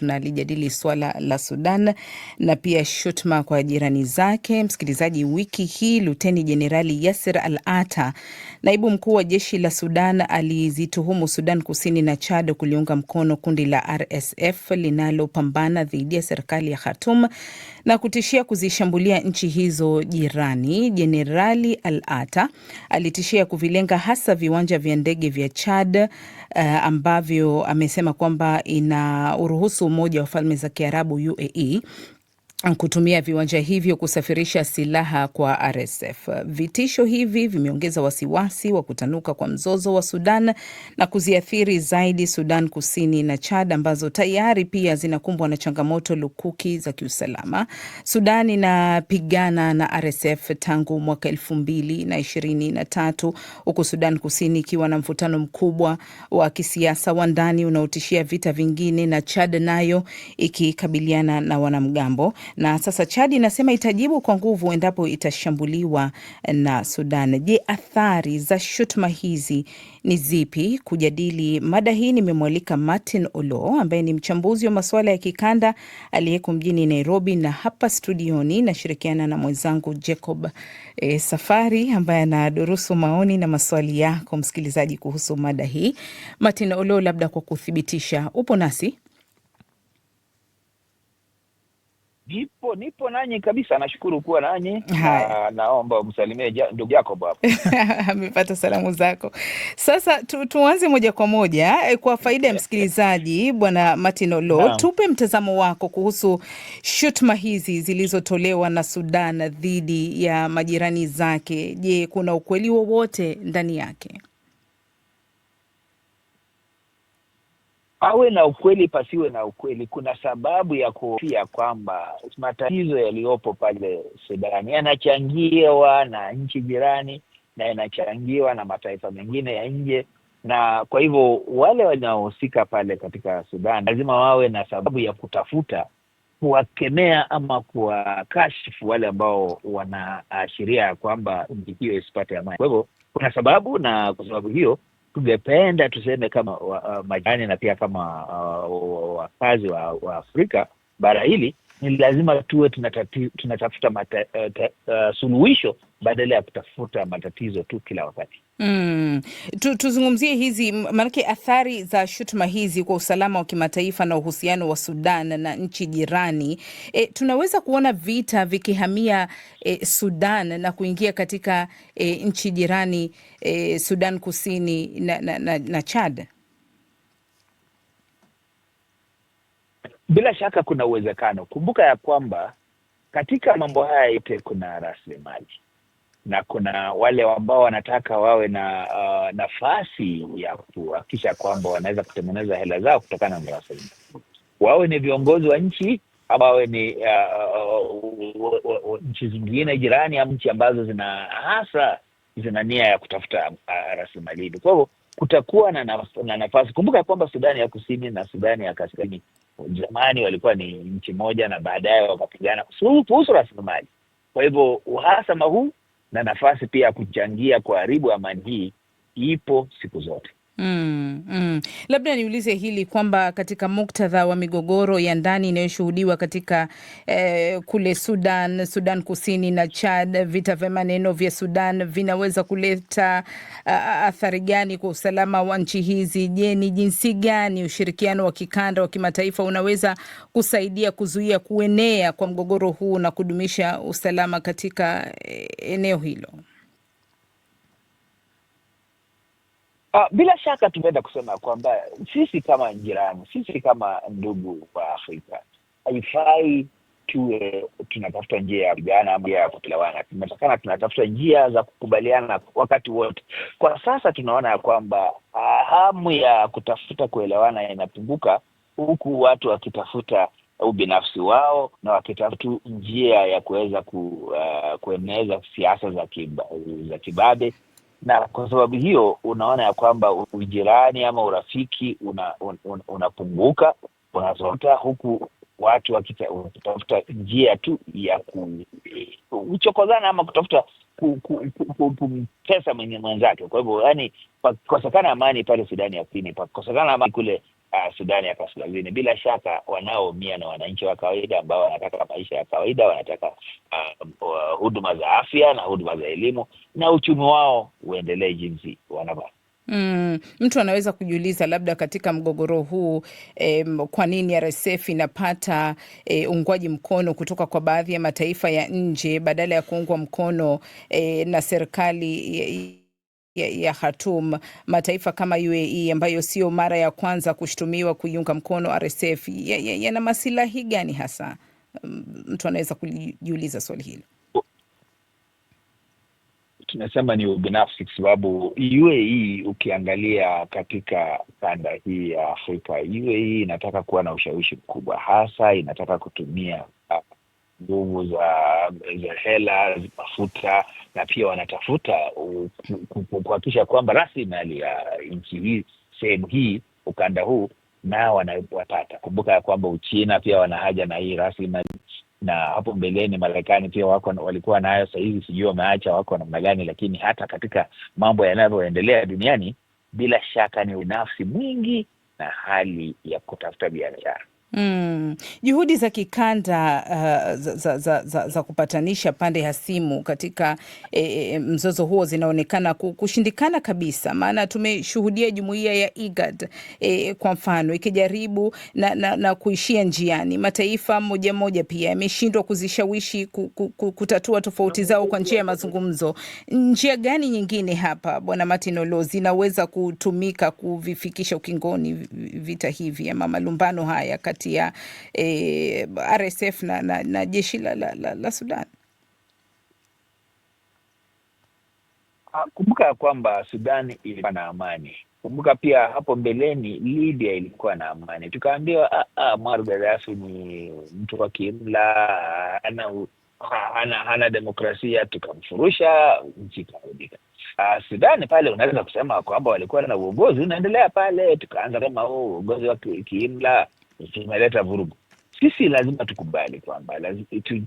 tunalijadili swala la Sudan na pia shutuma kwa jirani zake. Msikilizaji, wiki hii Luteni Jenerali Yasser al ata naibu mkuu wa jeshi la Sudan, alizituhumu Sudan Kusini na Chad kuliunga mkono kundi la RSF linalopambana dhidi ya serikali ya Khartoum na kutishia kuzishambulia nchi hizo jirani. Jenerali al ata alitishia kuvilenga hasa viwanja vya ndege vya Chad, uh, ambavyo amesema kwamba ina uruhusu Umoja wa Falme za Kiarabu UAE kutumia viwanja hivyo kusafirisha silaha kwa RSF. Vitisho hivi vimeongeza wasiwasi wa kutanuka kwa mzozo wa Sudan na kuziathiri zaidi Sudan Kusini na Chad ambazo tayari pia zinakumbwa na changamoto lukuki za kiusalama. Sudan inapigana na RSF tangu mwaka elfu mbili na ishirini na tatu huku Sudan Kusini ikiwa na mvutano mkubwa wa kisiasa wa ndani unaotishia vita vingine na Chad nayo ikikabiliana na wanamgambo na sasa Chad inasema itajibu kwa nguvu endapo itashambuliwa na Sudan. Je, athari za shutuma hizi ni zipi? Kujadili mada hii nimemwalika Martin Olo ambaye ni mchambuzi wa masuala ya kikanda aliyeko mjini Nairobi, na hapa studioni nashirikiana na mwenzangu Jacob e, Safari ambaye anadurusu maoni na maswali yako msikilizaji kuhusu mada hii. Martin Olo, labda kwa kuthibitisha, upo nasi? Nipo nipo nanyi kabisa, nashukuru kuwa nanyi naomba msalimie ndugu yako hapo Amepata salamu zako. Sasa tu, tuanze moja kwa moja eh, kwa faida ya msikilizaji. Bwana Martin Oloo, tupe mtazamo wako kuhusu shutuma hizi zilizotolewa na Sudan dhidi ya majirani zake. Je, kuna ukweli wowote ndani yake? Pawe na ukweli, pasiwe na ukweli, kuna sababu ya kuhofia kwamba matatizo yaliyopo pale Sudani yanachangiwa na nchi jirani na yanachangiwa na mataifa mengine ya nje, na kwa hivyo wale wanaohusika pale katika Sudan lazima wawe na sababu ya kutafuta kuwakemea ama kuwakashifu wale ambao wanaashiria ya kwamba nchi hiyo isipate amani. Kwa hivyo kuna sababu, na kwa sababu hiyo tungependa tuseme kama uh, majani na pia kama uh, wakazi wa, wa Afrika bara hili ni lazima tuwe tunatafuta uh, uh, suluhisho badala ya kutafuta matatizo tu kila wakati. Mm. Tu, tuzungumzie hizi maanake athari za shutuma hizi kwa usalama wa kimataifa na uhusiano wa Sudan na nchi jirani. E, tunaweza kuona vita vikihamia e, Sudan na kuingia katika e, nchi jirani e, Sudan Kusini na, na, na, na Chad. Bila shaka kuna uwezekano. Kumbuka ya kwamba katika mambo haya yote kuna rasilimali na kuna wale ambao wanataka wawe na uh, nafasi ya kuhakikisha kwamba wanaweza kutengeneza hela zao kutokana na rasilimali, wawe ni viongozi wa nchi ama wawe ni uh, uh, uh, uh nchi zingine jirani ama nchi ambazo zina hasa zina nia ya kutafuta uh, rasilimali hivi. Kwa hivyo kutakuwa na, na, na nafasi. Kumbuka kwamba Sudani ya Kusini na Sudani ya Kaskazini zamani walikuwa ni nchi moja na baadaye wakapigana kuhusu rasilimali. Kwa hivyo uhasama huu na nafasi pia ya kuchangia kuharibu amani hii ipo siku zote. Mm, mm. Labda niulize hili kwamba katika muktadha wa migogoro ya ndani inayoshuhudiwa katika eh, kule Sudan, Sudan Kusini na Chad, vita vya maneno vya Sudan vinaweza kuleta uh, athari gani kwa usalama wa nchi hizi? Je, ni jinsi gani ushirikiano wa kikanda wa kimataifa unaweza kusaidia kuzuia kuenea kwa mgogoro huu na kudumisha usalama katika eh, eneo hilo? Ah, bila shaka tumeenda kusema kwamba sisi kama jirani, sisi kama ndugu wa Afrika, haifai tuwe tunatafuta njia ya kupigana ama ya kuelewana. Tunatakana tunatafuta njia za kukubaliana wakati wote. Kwa sasa tunaona ya kwamba ah, hamu ya kutafuta kuelewana inapunguka, huku watu wakitafuta ubinafsi wao na wakitafuta njia ya kuweza ku, uh, kueneza siasa za, za kibabe na kwa sababu hiyo unaona ya kwamba ujirani ama urafiki unapunguka un, un, unazota huku watu wakitafuta njia tu ya kuchokozana ama kutafuta kumpesa mwenye mwenzake. Kwa hivyo yani, pakikosekana amani pale Sudani ya Kusini, pakikosekana amani kule uh, Sudani ya Kaskazini. Bila shaka wanaoumia na wananchi wa kawaida ambao wanataka maisha ya kawaida, wanataka uh, uh, huduma za afya na huduma za elimu na uchumi wao uendelee jinsi wanavyo. Mm, mtu anaweza kujiuliza labda katika mgogoro huu eh, kwa nini RSF inapata eh, uungwaji mkono kutoka kwa baadhi ya mataifa ya nje badala ya kuungwa mkono eh, na serikali ya, ya Khartoum. Mataifa kama UAE ambayo sio mara ya kwanza kushutumiwa kuiunga mkono RSF yana ya, ya masilahi gani hasa? Mm, mtu anaweza kujiuliza swali hilo. Tunasema ni ubinafsi kwa sababu UAE ukiangalia katika kanda hii ya Afrika, UAE inataka kuwa na ushawishi mkubwa, hasa inataka kutumia uh, nguvu za, za hela mafuta na pia wanatafuta kuhakikisha kwamba rasilimali ya nchi hii sehemu hii ukanda huu nao wanawapata. Kumbuka ya kwamba Uchina pia wana haja na hii rasilimali, na hapo mbeleni Marekani pia wako walikuwa nayo, sahizi hivi sijui wameacha wako namna gani, lakini hata katika mambo yanavyoendelea duniani, bila shaka ni unafsi mwingi na hali ya kutafuta biashara. Mm. Juhudi za kikanda uh, za, za, za, za, za kupatanisha pande hasimu katika e, mzozo huo zinaonekana kushindikana kabisa, maana tumeshuhudia jumuiya ya IGAD e, kwa mfano ikijaribu na, na, na kuishia njiani. Mataifa moja moja pia yameshindwa kuzishawishi kutatua tofauti zao kwa njia ya mazungumzo. Njia gani nyingine hapa, Bwana Martin Olo, zinaweza kutumika kuvifikisha ukingoni vita hivi ama malumbano haya kati kati ya eh, RSF na, na, na jeshi la, la, la Sudan? Ah, kumbuka ya kwamba Sudan ilikuwa na amani. Kumbuka pia hapo mbeleni Libya ilikuwa na amani, tukaambiwa ah, ah, Muammar Gaddafi ni mtu wa kimla, hana demokrasia, tukamfurusha, nchi Uh, Sudani pale unaweza kusema kwamba walikuwa na uongozi unaendelea pale, tukaanza kama oh, uongozi wa kiimla zimeleta vurugu. Sisi lazima tukubali kwamba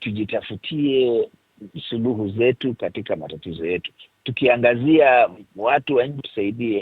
tujitafutie suluhu zetu katika matatizo yetu. Tukiangazia watu wa nje tusaidie,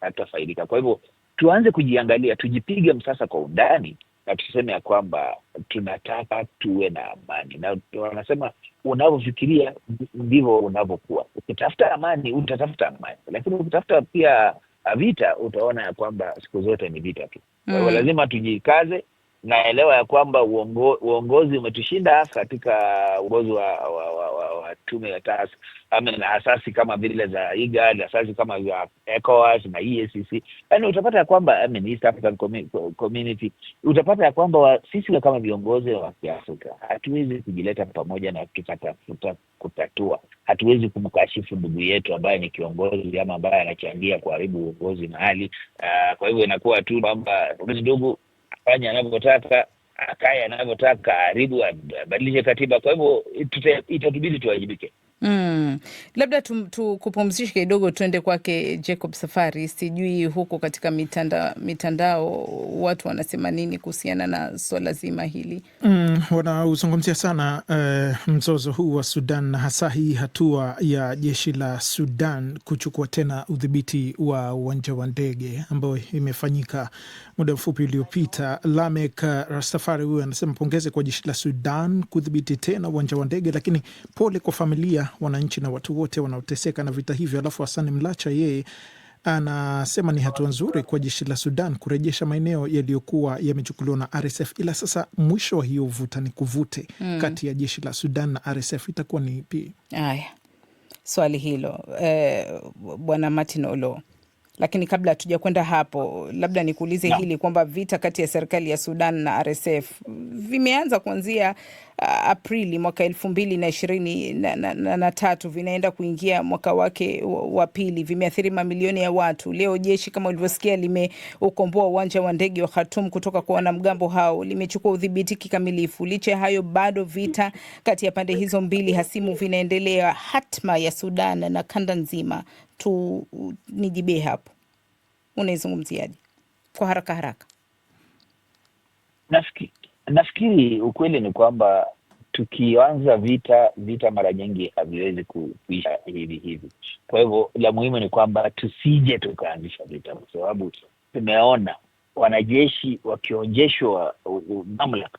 hatutafaidika. Kwa hivyo tuanze kujiangalia, tujipige msasa kwa undani na tuseme ya kwamba tunataka tuwe na amani, na wanasema unavyofikiria ndivyo unavyokuwa. Ukitafuta amani utatafuta amani, lakini ukitafuta pia vita, utaona ya kwamba siku zote ni vita tu. Kwa mm. lazima tujikaze naelewa ya kwamba uongo, uongozi umetushinda katika uongozi wa, wa, wa, wa, wa tume ya tas na asasi kama vile za IGAD, asasi kama za ECOWAS na EACC. Yani utapata ya kwamba I East African Community, utapata ya kwamba wa, sisi kama viongozi wa Kiafrika hatuwezi kujileta pamoja na tukatafuta kutatua. Hatuwezi kumkashifu ndugu yetu ambaye ni kiongozi ama ambaye anachangia kuharibu uongozi mahali. Uh, kwa hivyo inakuwa tu kwamba ndugu afanye anavyotaka, akaye anavyotaka, aribu abadilishe katiba. Kwa hivyo itatubidi tuwajibike. Mm. Labda tukupumzishe kidogo tuende kwake Jacob Safari. Sijui huko katika mitanda, mitandao watu wanasema nini kuhusiana na swala zima hili? Mm, wanauzungumzia sana uh, mzozo huu wa Sudan na hasa hii hatua ya jeshi la Sudan kuchukua tena udhibiti wa uwanja wa ndege ambayo imefanyika muda mfupi uliopita. Lamek Rastafari huyu anasema pongeze kwa jeshi la Sudan kudhibiti tena uwanja wa ndege, lakini pole kwa familia wananchi na watu wote wanaoteseka na vita hivyo. Alafu Hasani Mlacha yeye anasema ni hatua nzuri kwa jeshi la Sudan kurejesha maeneo yaliyokuwa yamechukuliwa na RSF, ila sasa mwisho wa hiyo vuta ni kuvute mm. kati ya jeshi la Sudan na RSF itakuwa ni ipi? Haya, swali hilo eh, Bwana Martin Olo lakini kabla hatuja kwenda hapo, labda nikuulize no. hili kwamba vita kati ya serikali ya Sudan na RSF vimeanza kuanzia uh, Aprili mwaka elfu mbili na ishirini na, na, na, na tatu, vinaenda kuingia mwaka wake wa pili, vimeathiri mamilioni ya watu. Leo jeshi kama ulivyosikia limeukomboa uwanja wa ndege wa Khartoum kutoka kwa wanamgambo hao, limechukua udhibiti kikamilifu. Licha ya hayo, bado vita kati ya pande hizo mbili hasimu vinaendelea. Hatma ya Sudan na kanda nzima tu nijibie hapo, unaizungumziaje kwa haraka haraka? Nafikiri, nafikiri ukweli ni kwamba tukianza vita vita mara nyingi haviwezi kuisha hivi hivi. Kwa hivyo la muhimu ni kwamba tusije tukaanzisha vita, kwa sababu tumeona wanajeshi wakionjeshwa mamlaka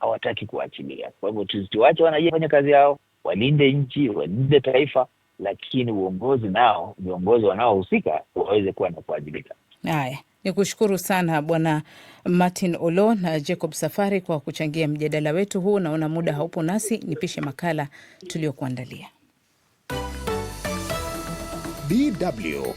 hawataki kuachilia. Kwa hivyo tuwache wanajeshi fanya kazi yao, walinde nchi, walinde taifa, lakini uongozi nao, viongozi wanaohusika waweze kuwa na kuwajibika. Haya, ni kushukuru sana Bwana Martin Olo na Jacob Safari kwa kuchangia mjadala wetu huu. Naona muda haupo nasi nipishe makala tuliyokuandalia. DW